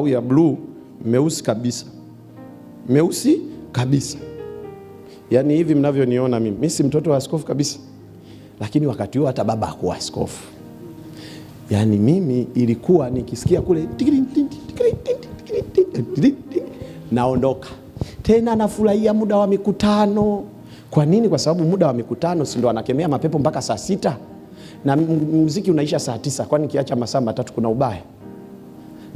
au ya bluu meusi kabisa, meusi kabisa, yaani hivi mnavyoniona mimi. Mimi si mtoto wa askofu kabisa, lakini wakati huo hata baba hakuwa askofu. Yaani mimi ilikuwa nikisikia kule naondoka tena, nafurahia muda wa mikutano. Kwa nini? Kwa sababu muda wa mikutano, si ndo anakemea mapepo mpaka saa sita na muziki unaisha saa tisa. Kwani kiacha masaa matatu kuna ubaya?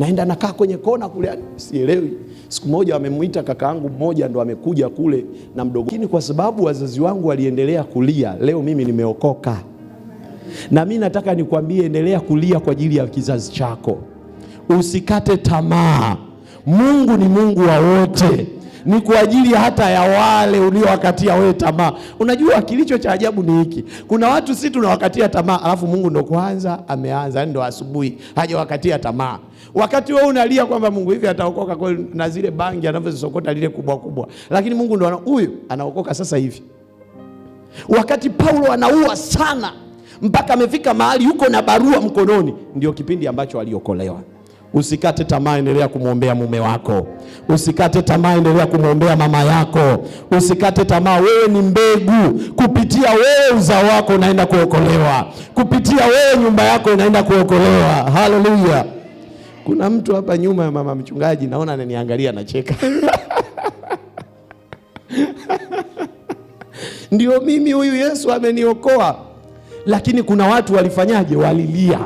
naenda nakaa kwenye kona kule, yaani sielewi. Siku moja kaka kakaangu mmoja ndo amekuja kule na mdogo, lakini kwa sababu wazazi wangu waliendelea kulia, leo mimi nimeokoka. Na mimi nataka nikwambie, endelea kulia kwa ajili ya kizazi chako, usikate tamaa. Mungu ni Mungu wa wote ni kwa ajili hata ya wale uliowakatia wewe tamaa. Unajua kilicho cha ajabu ni hiki, kuna watu si tunawakatia tamaa, alafu Mungu ndo kwanza ameanza, yaani ndo asubuhi hajawakatia tamaa, wakati wewe unalia kwamba Mungu hivi ataokoka kweli, na zile bangi anavyozisokota lile kubwa kubwa, lakini Mungu ndo huyu anaokoka sasa hivi. Wakati Paulo anaua sana mpaka amefika mahali yuko na barua mkononi, ndio kipindi ambacho aliokolewa. Usikate tamaa, endelea kumwombea mume wako. Usikate tamaa, endelea kumwombea mama yako. Usikate tamaa, wewe ni mbegu. Kupitia wewe uzao wako unaenda kuokolewa, kupitia wewe nyumba yako inaenda kuokolewa. Haleluya! Kuna mtu hapa nyuma ya mama mchungaji, naona ananiangalia, anacheka ndio mimi, huyu Yesu ameniokoa. Lakini kuna watu walifanyaje? Walilia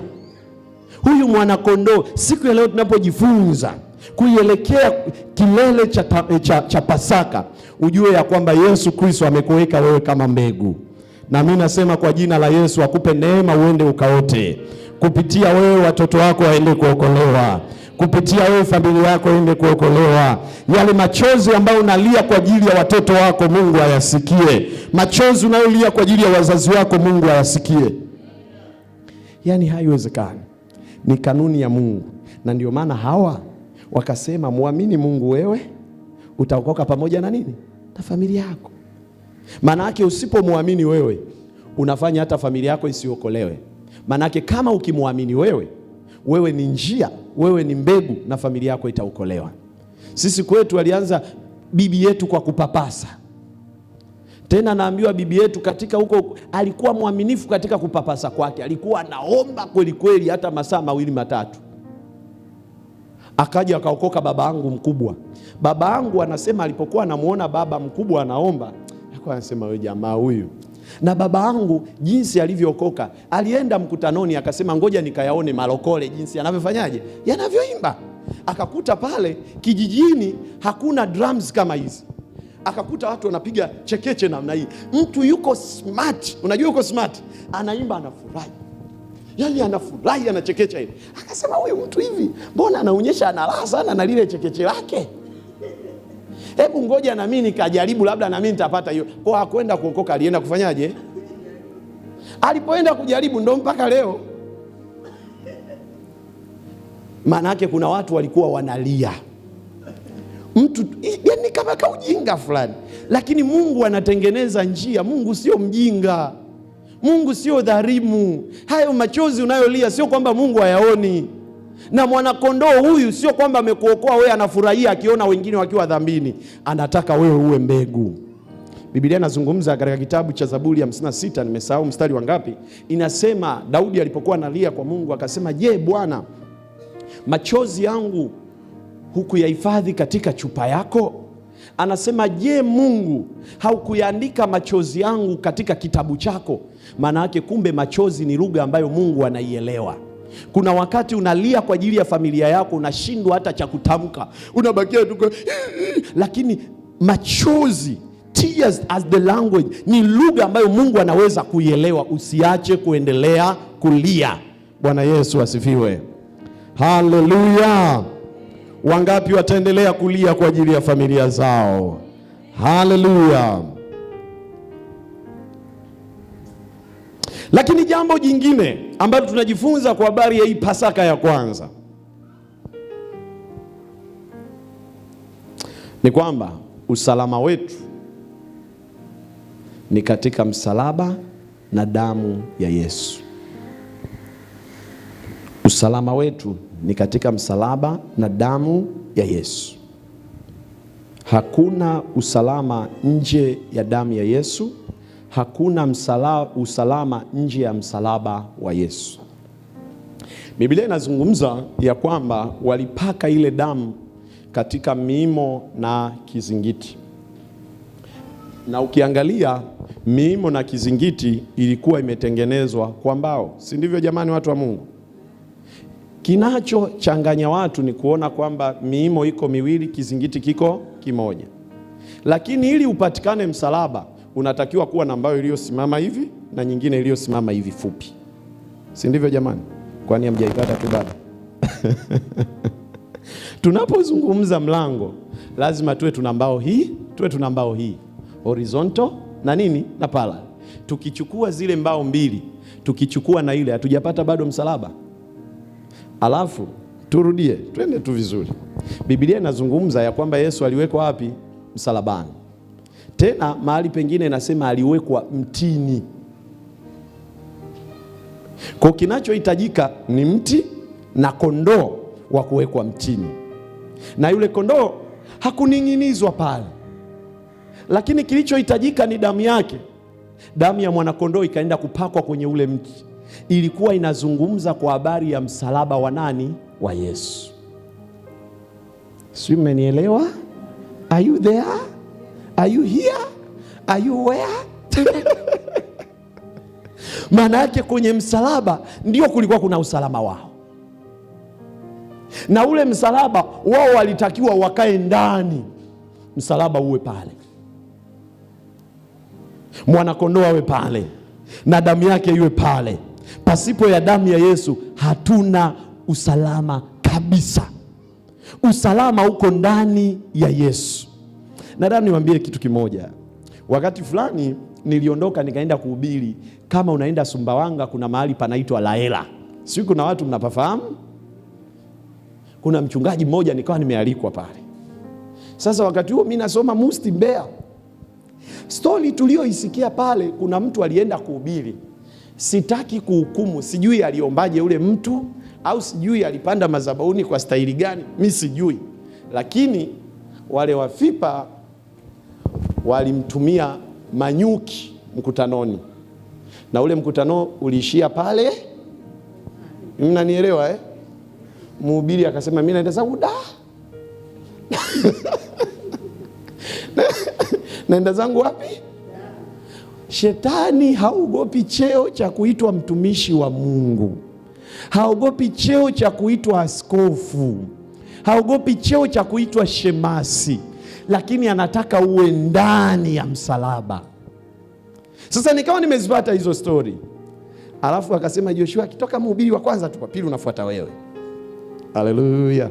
huyu mwanakondoo. Siku ya leo tunapojifunza kuielekea kilele cha, eh, cha, cha Pasaka, ujue ya kwamba Yesu Kristo amekuweka wewe kama mbegu, na mimi nasema kwa jina la Yesu akupe neema uende ukaote, kupitia wewe watoto wako waende kuokolewa kupitia wewe familia yako ende kuokolewa. Yale machozi ambayo unalia kwa ajili ya watoto wako Mungu ayasikie, machozi unayolia kwa ajili ya wazazi wako Mungu ayasikie. Yaani haiwezekani ni kanuni ya Mungu, na ndio maana hawa wakasema, muamini Mungu wewe utaokoka pamoja na nini na familia yako. Maana yake usipomwamini wewe unafanya hata familia yako isiokolewe. Maana yake kama ukimwamini wewe, wewe ni njia, wewe ni mbegu, na familia yako itaokolewa. Sisi kwetu alianza bibi yetu kwa kupapasa tena naambiwa bibi yetu katika huko alikuwa mwaminifu katika kupapasa kwake, alikuwa anaomba kweli kweli, hata masaa mawili matatu. Akaja akaokoka baba yangu mkubwa. Baba yangu anasema alipokuwa anamwona baba mkubwa anaomba, alikuwa anasema wewe jamaa huyu. Na baba yangu jinsi alivyookoka, alienda mkutanoni akasema, ngoja nikayaone malokole jinsi yanavyofanyaje, yanavyoimba. Akakuta pale kijijini hakuna drums kama hizi akakuta watu wanapiga chekeche namna hii. Mtu yuko smart, unajua yuko smart, anaimba anafurahi, yani anafurahi, anachekecha hivi. Akasema huyu mtu hivi, mbona anaonyesha ana sana na lile chekeche lake? Hebu ngoja nami nikajaribu, labda nami nitapata hiyo. Kwa hakwenda kuokoka, alienda kufanyaje? Alipoenda kujaribu, ndo mpaka leo. Maana yake kuna watu walikuwa wanalia mtu yani kama ka ujinga fulani, lakini Mungu anatengeneza njia. Mungu sio mjinga, Mungu sio dharimu. Hayo machozi unayolia sio kwamba Mungu hayaoni, na mwanakondoo huyu sio kwamba amekuokoa wewe anafurahia akiona wengine wakiwa dhambini. Anataka wewe uwe mbegu. Biblia inazungumza katika kitabu cha Zaburi 56 nimesahau mstari wa ngapi, inasema Daudi alipokuwa analia kwa Mungu akasema, je, Bwana machozi yangu hukuyahifadhi katika chupa yako? Anasema, je, Mungu haukuyaandika machozi yangu katika kitabu chako? Maana yake kumbe, machozi ni lugha ambayo Mungu anaielewa. Kuna wakati unalia kwa ajili ya familia yako, unashindwa hata cha kutamka, unabakia tu, lakini machozi tears as the language ni lugha ambayo Mungu anaweza kuielewa. Usiache kuendelea kulia. Bwana Yesu asifiwe, haleluya. Wangapi wataendelea kulia kwa ajili ya familia zao? Haleluya! Lakini jambo jingine ambalo tunajifunza kwa habari ya hii Pasaka ya kwanza ni kwamba usalama wetu ni katika msalaba na damu ya Yesu. Usalama wetu ni katika msalaba na damu ya Yesu. Hakuna usalama nje ya damu ya Yesu. Hakuna msala, usalama nje ya msalaba wa Yesu. Biblia inazungumza ya kwamba walipaka ile damu katika miimo na kizingiti, na ukiangalia miimo na kizingiti ilikuwa imetengenezwa kwa mbao, si ndivyo jamani, watu wa Mungu? Kinachochanganya watu ni kuona kwamba miimo iko miwili, kizingiti kiko kimoja. Lakini ili upatikane msalaba, unatakiwa kuwa na mbao iliyosimama hivi na nyingine iliyosimama hivi fupi, si ndivyo jamani? Kwani hamjaipata tu baba? Tunapozungumza mlango, lazima tuwe tuna mbao hii, tuwe tuna mbao hii horizontal na nini na pala. Tukichukua zile mbao mbili, tukichukua na ile, hatujapata bado msalaba. Alafu turudie, twende tu vizuri. Biblia inazungumza ya kwamba Yesu aliwekwa wapi? Msalabani. Tena mahali pengine inasema aliwekwa mtini. Kwa kinachohitajika ni mti na kondoo wa kuwekwa mtini, na yule kondoo hakuning'inizwa pale, lakini kilichohitajika ni damu yake. Damu ya mwanakondoo ikaenda kupakwa kwenye ule mti ilikuwa inazungumza kwa habari ya msalaba wa nani? Wa Yesu. Sijui mmenielewa? Are you there? Are you here? Are you where? Maana yake kwenye msalaba ndio kulikuwa kuna usalama wao, na ule msalaba wao walitakiwa wakae ndani, msalaba uwe pale, mwanakondoo awe pale na damu yake iwe pale. Pasipo ya damu ya Yesu hatuna usalama kabisa. Usalama uko ndani ya Yesu. Nadhani niwaambie kitu kimoja. Wakati fulani niliondoka nikaenda kuhubiri. Kama unaenda Sumbawanga, kuna mahali panaitwa Laela, sijui kuna watu mnapafahamu. Kuna mchungaji mmoja nikawa nimealikwa pale. Sasa wakati huo mi nasoma Musti Mbeya. Stori tuliyoisikia pale, kuna mtu alienda kuhubiri Sitaki kuhukumu, sijui aliombaje ule mtu, au sijui alipanda mazabauni kwa staili gani, mi sijui, lakini wale Wafipa walimtumia manyuki mkutanoni, na ule mkutano uliishia pale. Mnanielewa eh? Mhubiri akasema mi naenda zangu da naenda zangu wapi? Shetani haogopi cheo cha kuitwa mtumishi wa Mungu, haogopi cheo cha kuitwa askofu, haogopi cheo cha kuitwa shemasi, lakini anataka uwe ndani ya msalaba. Sasa nikawa nimezipata hizo stori, alafu akasema Joshua akitoka mhubiri wa kwanza tu, wa pili unafuata wewe. Haleluya!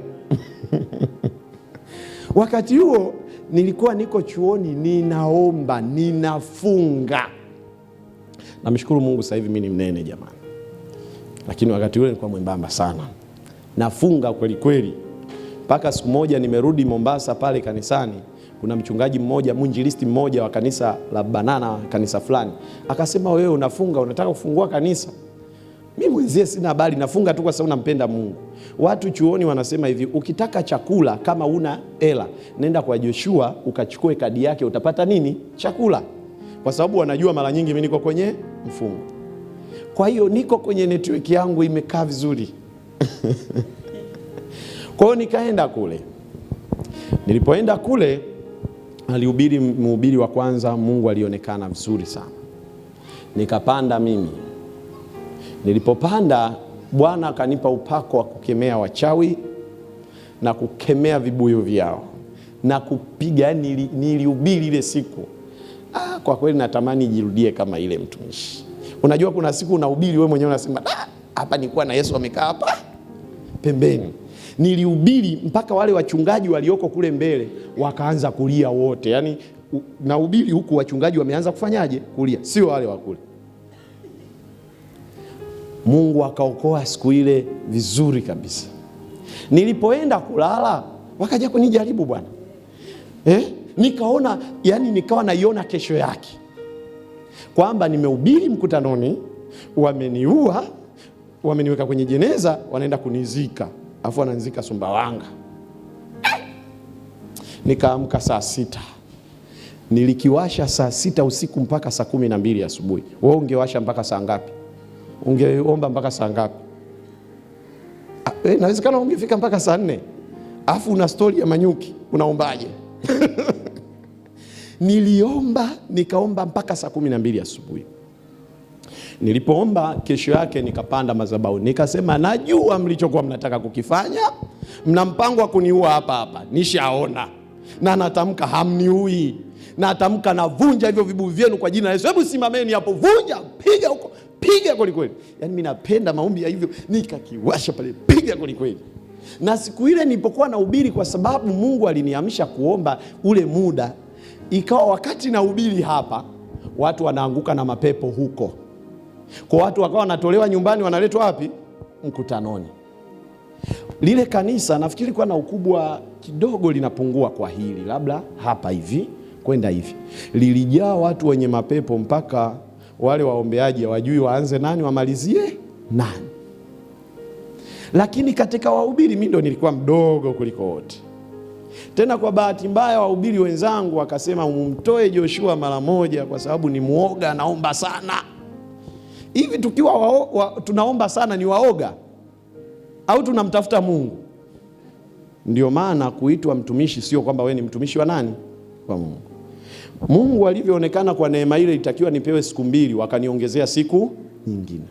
wakati huo nilikuwa niko chuoni, ninaomba, ninafunga. Namshukuru Mungu, sasa hivi ni mnene jamani, lakini wakati ule nilikuwa mwembamba sana, nafunga kweli kweli. Mpaka siku moja nimerudi Mombasa pale kanisani, kuna mchungaji mmoja mwinjilisti mmoja wa kanisa la Banana, kanisa fulani, akasema wewe unafunga, unataka kufungua kanisa Mi mwenzie sina habari, nafunga tu kwa sababu nampenda Mungu. Watu chuoni wanasema hivi, ukitaka chakula kama una hela, nenda kwa Joshua ukachukue kadi yake, utapata nini? Chakula, kwa sababu wanajua mara nyingi mi niko kwenye mfungo. Kwa hiyo niko kwenye network yangu imekaa vizuri kwa hiyo nikaenda kule. Nilipoenda kule, alihubiri mhubiri wa kwanza, Mungu alionekana vizuri sana, nikapanda mimi Nilipopanda Bwana akanipa upako wa kukemea wachawi na kukemea vibuyu vyao na kupiga, nilihubiri yaani nili ile siku ah, kwa kweli natamani jirudie kama ile mtumishi. Unajua kuna siku unahubiri wewe mwenyewe unasema hapa nilikuwa na Yesu amekaa hapa pembeni. Nilihubiri mpaka wale wachungaji walioko kule mbele wakaanza kulia wote, yaani nahubiri huku wachungaji wameanza kufanyaje? Kulia, sio wale wa kule Mungu akaokoa siku ile vizuri kabisa. Nilipoenda kulala wakaja kunijaribu bwana eh? Nikaona yani, nikawa naiona kesho yake kwamba nimehubiri mkutanoni, wameniua, wameniweka kwenye jeneza, wanaenda kunizika, afu wananizika Sumbawanga. Eh! Nikaamka saa sita nilikiwasha saa sita usiku mpaka saa kumi na mbili asubuhi. Wewe ungewasha mpaka saa ngapi? ungeomba mpaka saa ngapi? Ah, eh, inawezekana ungefika mpaka saa nne, alafu una stori ya manyuki, unaombaje? Niliomba nikaomba mpaka saa kumi na mbili asubuhi. Nilipoomba kesho yake nikapanda madhabahu nikasema, najua mlichokuwa mnataka kukifanya, mna mpango wa kuniua hapa hapa, nishaona na natamka hamniui, natamka navunja hivyo vibuyu vyenu kwa jina la Yesu. Hebu simameni hapo, vunja, piga huko, piga kweli kweli. Yaani mimi napenda maombi ya hivyo, nikakiwasha pale, piga kweli Na siku ile nilipokuwa nahubiri, kwa sababu Mungu aliniamsha kuomba ule muda, ikawa wakati nahubiri hapa, watu wanaanguka na mapepo huko, kwa watu wakawa wanatolewa nyumbani, wanaletwa wapi? Mkutanoni. Lile kanisa nafikiri kuwa na ukubwa kidogo linapungua kwa hili, labda hapa hivi kwenda hivi, lilijaa watu wenye mapepo mpaka wale waombeaji hawajui waanze nani wamalizie nani. Lakini katika wahubiri mi ndo nilikuwa mdogo kuliko wote. Tena kwa bahati mbaya, wahubiri wenzangu wakasema umtoe Joshua mara moja, kwa sababu ni mwoga, anaomba sana. Hivi tukiwa wa, wa, tunaomba sana ni waoga au tunamtafuta Mungu? Ndio maana kuitwa mtumishi sio kwamba wee ni mtumishi wa nani, wa Mungu. Mungu alivyoonekana kwa neema ile, itakiwa nipewe siku mbili, wakaniongezea siku nyingine.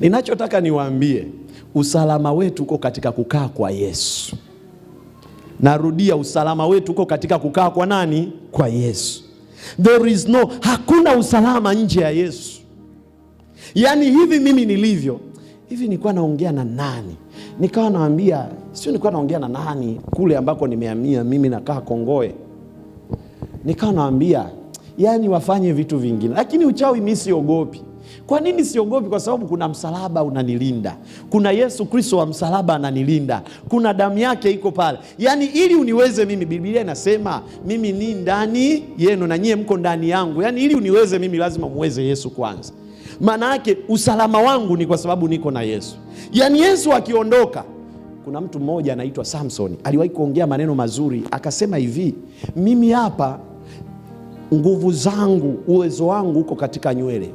Ninachotaka niwaambie, usalama wetu uko katika kukaa kwa Yesu. Narudia, usalama wetu uko katika kukaa kwa nani? Kwa Yesu. There is no, hakuna usalama nje ya Yesu. Yaani hivi mimi nilivyo hivi, nilikuwa naongea na nani? Nikawa naambia sio, nilikuwa naongea na nani kule ambako nimehamia mimi, nakaa Kongoe Nikawa naambia yani wafanye vitu vingine, lakini uchawi mi siogopi. Kwa nini siogopi? Kwa sababu kuna msalaba unanilinda, kuna Yesu Kristo wa msalaba ananilinda, kuna damu yake iko pale. Yaani ili uniweze mimi, Biblia inasema mimi ni ndani yenu na nyie mko ndani yangu. Yaani ili uniweze mimi, lazima muweze Yesu kwanza. Maana yake usalama wangu ni kwa sababu niko na Yesu. Yaani Yesu akiondoka kuna mtu mmoja anaitwa Samson aliwahi kuongea maneno mazuri, akasema hivi, mimi hapa nguvu zangu, uwezo wangu uko katika nywele.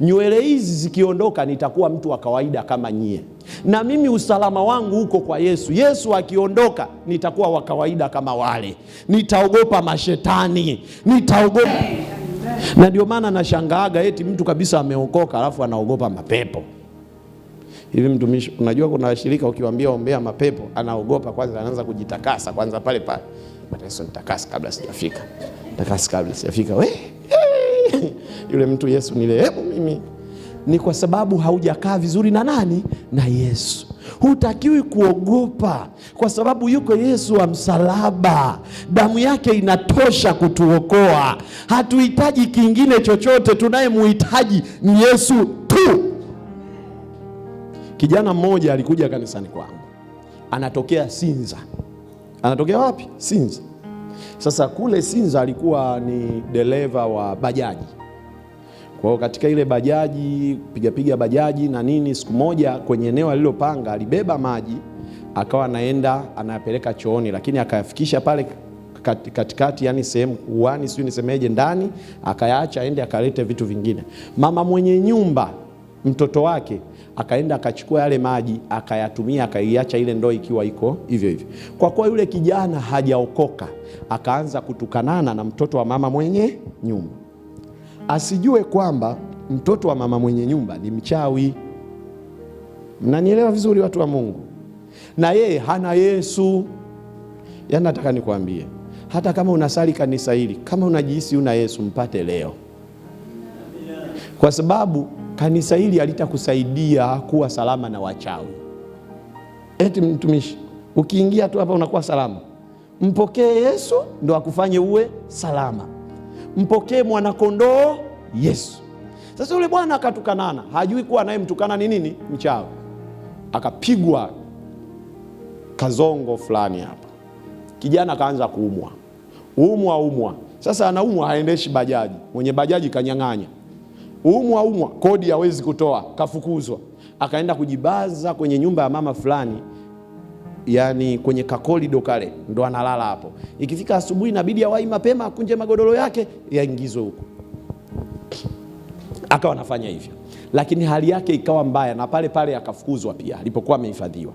Nywele hizi zikiondoka, nitakuwa mtu wa kawaida kama nyie, na mimi usalama wangu uko kwa Yesu. Yesu akiondoka, nitakuwa wa kawaida kama wale, nitaogopa mashetani, nitaogopa na ndio maana nashangaaga eti mtu kabisa ameokoka alafu anaogopa mapepo hivi. Mtumishi, unajua kuna washirika ukiwaambia ombea mapepo, anaogopa kwanza, anaanza kujitakasa kwanza pale pale, Yesu nitakasa kabla sijafika Dakika kabla sijafika we yule mtu Yesu nilehemu mimi, ni kwa sababu haujakaa vizuri na nani? Na Yesu. Hutakiwi kuogopa kwa sababu yuko Yesu wa msalaba. Damu yake inatosha kutuokoa, hatuhitaji kingine chochote. Tunayemhitaji ni Yesu tu. Kijana mmoja alikuja kanisani kwangu, anatokea Sinza. Anatokea wapi? Sinza. Sasa kule Sinza alikuwa ni dereva wa bajaji, kwa hiyo katika ile bajaji pigapiga bajaji na nini, siku moja kwenye eneo alilopanga alibeba maji akawa anaenda anayapeleka chooni, lakini akayafikisha pale kat, katikati yani sehemu uani, sijui nisemeje, ndani akayaacha aende akalete vitu vingine. Mama mwenye nyumba mtoto wake akaenda akachukua yale maji akayatumia, akaiacha ile ndoo ikiwa iko hivyo hivyo. Kwa kuwa yule kijana hajaokoka, akaanza kutukanana na mtoto wa mama mwenye nyumba, asijue kwamba mtoto wa mama mwenye nyumba ni mchawi. Mnanielewa vizuri, watu wa Mungu? Na yeye hana Yesu. yani nataka nikwambie, hata kama unasali kanisa hili, kama unajihisi una Yesu, mpate leo, kwa sababu kanisa hili halitakusaidia kuwa salama na wachawi. Eti mtumishi, ukiingia tu hapa unakuwa salama. Mpokee Yesu ndo akufanye uwe salama. Mpokee mwanakondoo Yesu. Sasa yule bwana akatukanana, hajui kuwa anayemtukana ni nini? Mchawi. Akapigwa kazongo fulani hapa, kijana akaanza kuumwa umwa umwa. Sasa anaumwa, haendeshi bajaji, mwenye bajaji kanyang'anya umwa umwa, kodi hawezi kutoa, kafukuzwa, akaenda kujibaza kwenye nyumba ya mama fulani, yani kwenye kakolido kale, ndo analala hapo. Ikifika asubuhi, inabidi awai mapema, akunje magodoro yake, yaingizwe huko. Akawa anafanya hivyo, lakini hali yake ikawa mbaya, na pale pale akafukuzwa pia, alipokuwa amehifadhiwa.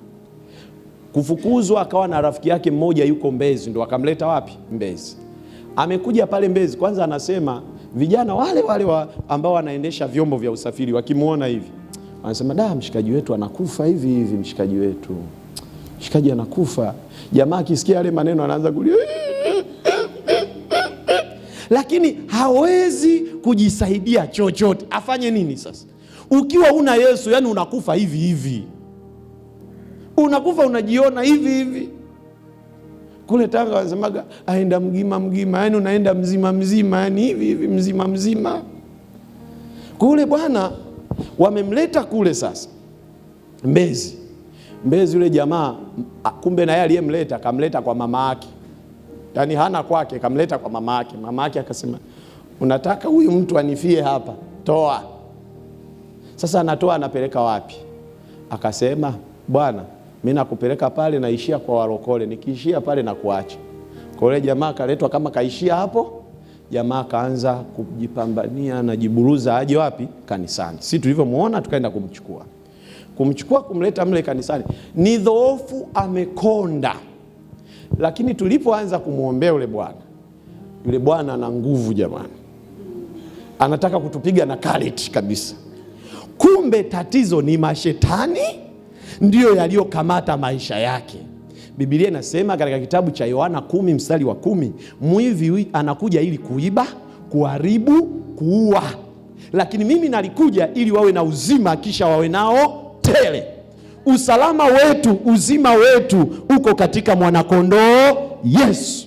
Kufukuzwa akawa na rafiki yake mmoja, yuko Mbezi, ndo akamleta wapi? Mbezi. Amekuja pale Mbezi, kwanza anasema vijana wale wale wa ambao wanaendesha vyombo vya usafiri wakimwona hivi wanasema da, mshikaji wetu anakufa hivi hivi, mshikaji wetu, mshikaji anakufa. Jamaa akisikia yale maneno anaanza kulia, lakini hawezi kujisaidia chochote. Afanye nini sasa? Ukiwa una Yesu, yani unakufa hivi hivi, unakufa unajiona hivi hivi kule Tanga wanasemaga aenda mgima mgima, yani unaenda mzima mzima, yani hivi hivi mzima mzima kule bwana. Wamemleta kule sasa Mbezi. Mbezi yule jamaa kumbe naye aliyemleta kamleta kwa mama yake, yani hana kwake, kamleta kwa mama yake. Mama yake akasema unataka huyu mtu anifie hapa, toa sasa. Anatoa anapeleka wapi? Akasema bwana mi nakupeleka pale, naishia kwa warokole, nikiishia pale na kuacha. Kwa hiyo jamaa kaletwa kama kaishia hapo, jamaa kaanza kujipambania na jiburuza aje wapi? Kanisani. Si tulivyomuona tukaenda kumchukua, kumchukua kumleta mle kanisani, ni dhoofu, amekonda. Lakini tulipoanza kumwombea yule bwana, yule bwana ana nguvu jamani, anataka kutupiga na kaleti kabisa. Kumbe tatizo ni mashetani ndiyo yaliyokamata maisha yake. Biblia inasema katika kitabu cha Yohana kumi mstari wa kumi mwivi anakuja ili kuiba, kuharibu, kuua, lakini mimi nalikuja ili wawe na uzima, kisha wawe nao tele. Usalama wetu, uzima wetu uko katika mwanakondoo Yesu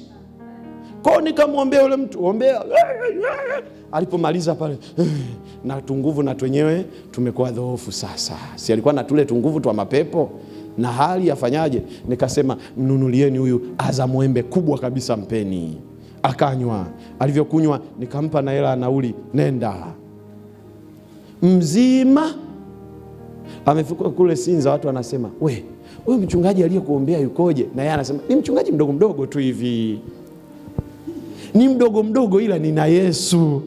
ko nikamwombea yule mtu, ombea. Alipomaliza pale, na tunguvu na twenyewe tumekuwa dhoofu sasa. Si alikuwa na tule tunguvu twa mapepo na hali yafanyaje? Nikasema mnunulieni huyu aza mwembe kubwa kabisa, mpeni. Akanywa, alivyokunywa nikampa na hela nauli, nenda mzima. Amefika kule Sinza, watu wanasema we, huyu mchungaji aliyekuombea yukoje? Na yeye anasema ni mchungaji mdogo mdogo tu hivi ni mdogo mdogo, ila nina Yesu.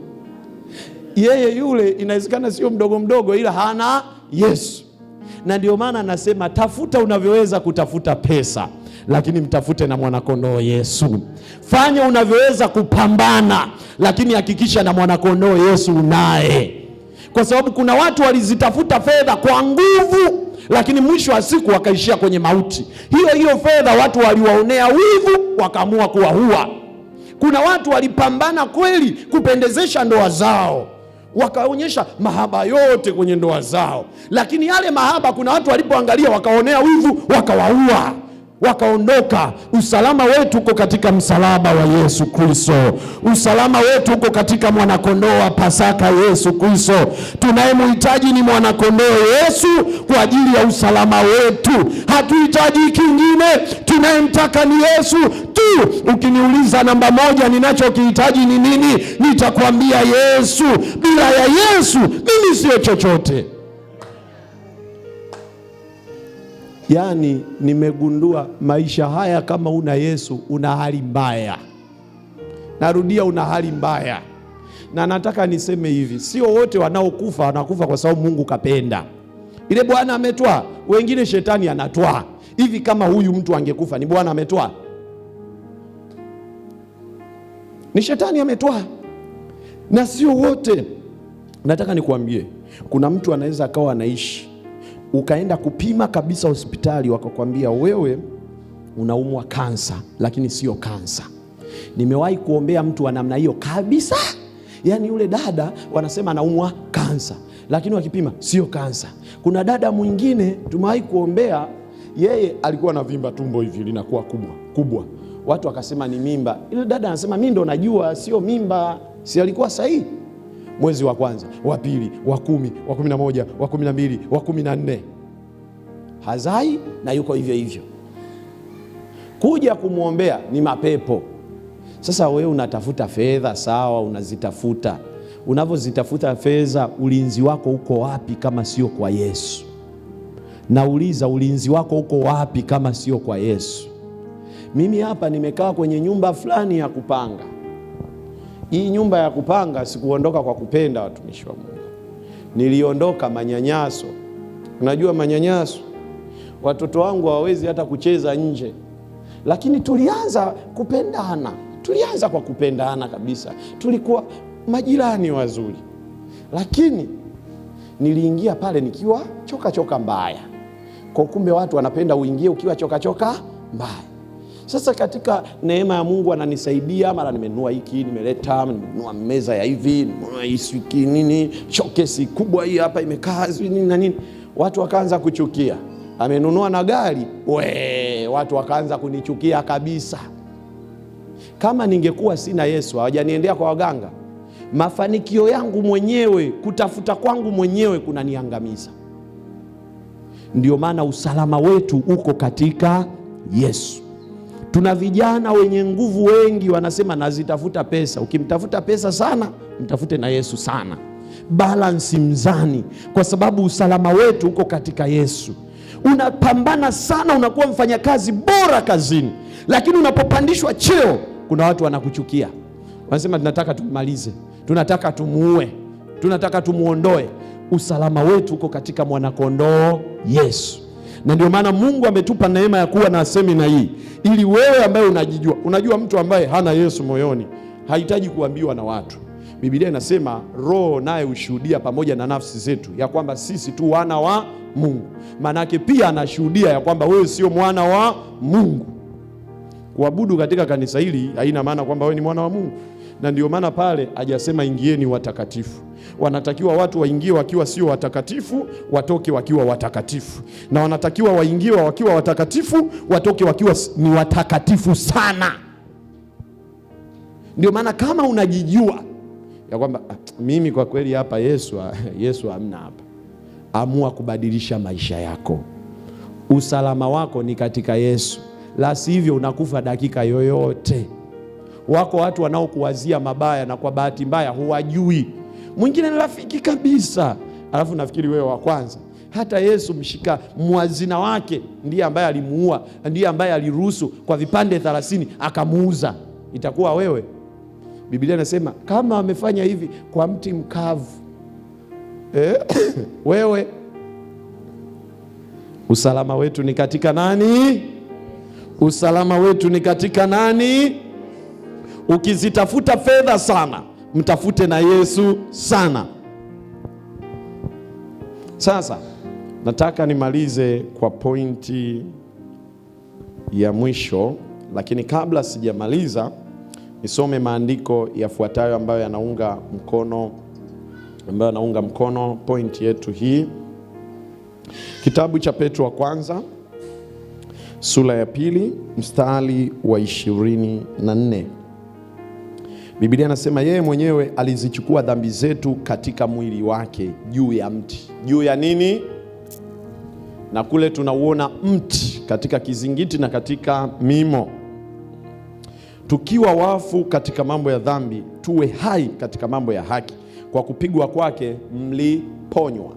Yeye yule inawezekana sio mdogo mdogo, ila hana Yesu. Na ndio maana anasema tafuta unavyoweza kutafuta pesa, lakini mtafute na mwanakondoo Yesu. Fanya unavyoweza kupambana, lakini hakikisha na mwanakondoo Yesu unaye, kwa sababu kuna watu walizitafuta fedha kwa nguvu, lakini mwisho wa siku wakaishia kwenye mauti. Hiyo hiyo fedha watu waliwaonea wivu, wakaamua kuwaua. Kuna watu walipambana kweli kupendezesha ndoa zao, wakaonyesha mahaba yote kwenye ndoa zao, lakini yale mahaba, kuna watu walipoangalia wakaonea wivu, wakawaua wakaondoka. Usalama wetu uko katika msalaba wa Yesu Kristo. Usalama wetu uko katika mwanakondoo wa Pasaka, Yesu Kristo. Tunayemhitaji ni mwanakondoo Yesu kwa ajili ya usalama wetu, hatuhitaji kingine. Tunayemtaka ni Yesu tu. Ukiniuliza namba moja ninachokihitaji ni nini, nitakwambia Yesu. Bila ya Yesu mimi siyo chochote. Yaani, nimegundua maisha haya, kama una Yesu una hali mbaya. Narudia, una hali mbaya, na nataka niseme hivi, sio wote wanaokufa wanakufa kwa sababu Mungu kapenda. Ile Bwana ametwaa, wengine shetani anatwaa. Hivi kama huyu mtu angekufa, ni Bwana ametwaa? Ni shetani ametwaa, na sio wote. Nataka nikuambie, kuna mtu anaweza akawa anaishi ukaenda kupima kabisa hospitali, wakakwambia wewe unaumwa kansa, lakini sio kansa. Nimewahi kuombea mtu wa namna hiyo kabisa, yaani yule dada wanasema anaumwa kansa, lakini wakipima sio kansa. Kuna dada mwingine tumewahi kuombea, yeye alikuwa na vimba tumbo hivi linakuwa kubwa kubwa, watu wakasema ni mimba. Ile dada anasema mi ndo najua sio mimba, si alikuwa sahihi? mwezi wa kwanza, wa pili, wa kumi, wa kumi na moja, wa kumi na mbili, wa kumi na nne. Hazai na yuko hivyo hivyo. Kuja kumwombea ni mapepo. Sasa wewe unatafuta fedha, sawa, unazitafuta. Unavyozitafuta fedha, ulinzi wako uko wapi kama sio kwa Yesu? Nauliza, ulinzi wako uko wapi kama sio kwa Yesu? Mimi hapa nimekaa kwenye nyumba fulani ya kupanga hii nyumba ya kupanga sikuondoka kwa kupenda, watumishi wa Mungu, niliondoka manyanyaso. Unajua manyanyaso, watoto wangu hawawezi hata kucheza nje, lakini tulianza kupendana. Tulianza kwa kupendana kabisa, tulikuwa majirani wazuri, lakini niliingia pale nikiwa chokachoka choka mbaya, kwa kumbe watu wanapenda uingie ukiwa chokachoka choka mbaya sasa katika neema ya Mungu ananisaidia, mara nimenunua hiki, nimeleta, nimenunua meza ya hivi, nimenunua hiki nini, chokesi kubwa hii hapa imekaa nini na nini, watu wakaanza kuchukia. Amenunua na gari we, watu wakaanza kunichukia kabisa. Kama ningekuwa sina Yesu, hawajaniendea kwa waganga. Mafanikio yangu mwenyewe, kutafuta kwangu mwenyewe kunaniangamiza. Ndio maana usalama wetu uko katika Yesu. Tuna vijana wenye nguvu wengi wanasema nazitafuta pesa. Ukimtafuta pesa sana, mtafute na Yesu sana, balansi mzani, kwa sababu usalama wetu uko katika Yesu. Unapambana sana, unakuwa mfanyakazi bora kazini, lakini unapopandishwa cheo, kuna watu wanakuchukia, wanasema tunataka tumalize, tunataka tumuue, tunataka tumuondoe. Usalama wetu uko katika mwanakondoo Yesu na ndio maana Mungu ametupa neema ya kuwa na semina hii, ili wewe ambaye unajijua. Unajua, mtu ambaye hana Yesu moyoni hahitaji kuambiwa na watu. Biblia inasema Roho naye hushuhudia pamoja na nafsi zetu ya kwamba sisi tu wana wa Mungu. Maanake pia anashuhudia ya kwamba wewe sio mwana wa Mungu. Kuabudu katika kanisa hili haina maana kwamba wewe ni mwana wa Mungu na ndio maana pale hajasema ingieni watakatifu. Wanatakiwa watu waingie wakiwa sio watakatifu, watoke wakiwa watakatifu, na wanatakiwa waingie wakiwa watakatifu, watoke wakiwa ni watakatifu sana. Ndio maana kama unajijua ya kwamba ah, mimi kwa kweli hapa Yesu, ah, Yesu hamna hapa, amua kubadilisha maisha yako. Usalama wako ni katika Yesu, la sivyo unakufa dakika yoyote. Wako watu wanaokuwazia mabaya na kwa bahati mbaya huwajui. Mwingine ni rafiki kabisa, alafu nafikiri wewe wa kwanza. Hata Yesu mshika mwazina wake ndiye ambaye alimuua, ndiye ambaye aliruhusu kwa vipande thelathini akamuuza. Itakuwa wewe? Biblia inasema kama amefanya hivi kwa mti mkavu eh, wewe usalama wetu ni katika nani? Usalama wetu ni katika nani? Ukizitafuta fedha sana, mtafute na Yesu sana. Sasa nataka nimalize kwa pointi ya mwisho, lakini kabla sijamaliza nisome maandiko yafuatayo ambayo yanaunga mkono ambayo yanaunga mkono pointi yetu hii. Kitabu cha Petro wa kwanza sura ya pili mstari wa ishirini na nne. Biblia anasema yeye mwenyewe alizichukua dhambi zetu katika mwili wake juu ya mti. Juu ya nini? Na kule tunauona mti katika kizingiti na katika mimo. Tukiwa wafu katika mambo ya dhambi, tuwe hai katika mambo ya haki. Kwa kupigwa kwake mliponywa.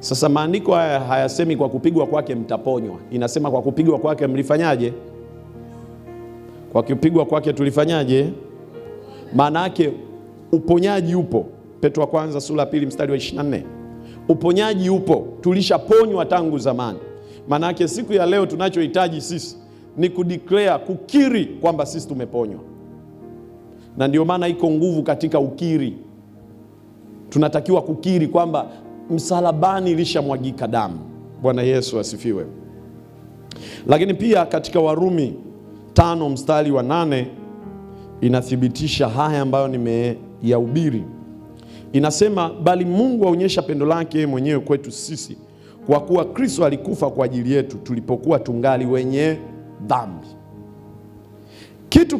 Sasa maandiko haya hayasemi kwa kupigwa kwake mtaponywa, inasema kwa kupigwa kwake mlifanyaje? Kwa kupigwa kwake tulifanyaje? Maana yake uponyaji upo. Petro wa kwanza sura pili mstari wa 24. Uponyaji upo, tulishaponywa tangu zamani. Maana yake siku ya leo tunachohitaji sisi ni kudeclare, kukiri kwamba sisi tumeponywa, na ndio maana iko nguvu katika ukiri. Tunatakiwa kukiri kwamba msalabani ilishamwagika damu. Bwana Yesu asifiwe. Lakini pia katika Warumi tano mstari wa nane inathibitisha haya ambayo nimeyahubiri. Inasema, bali Mungu aonyesha pendo lake mwenyewe kwetu sisi, kwa kuwa Kristo alikufa kwa ajili yetu tulipokuwa tungali wenye dhambi.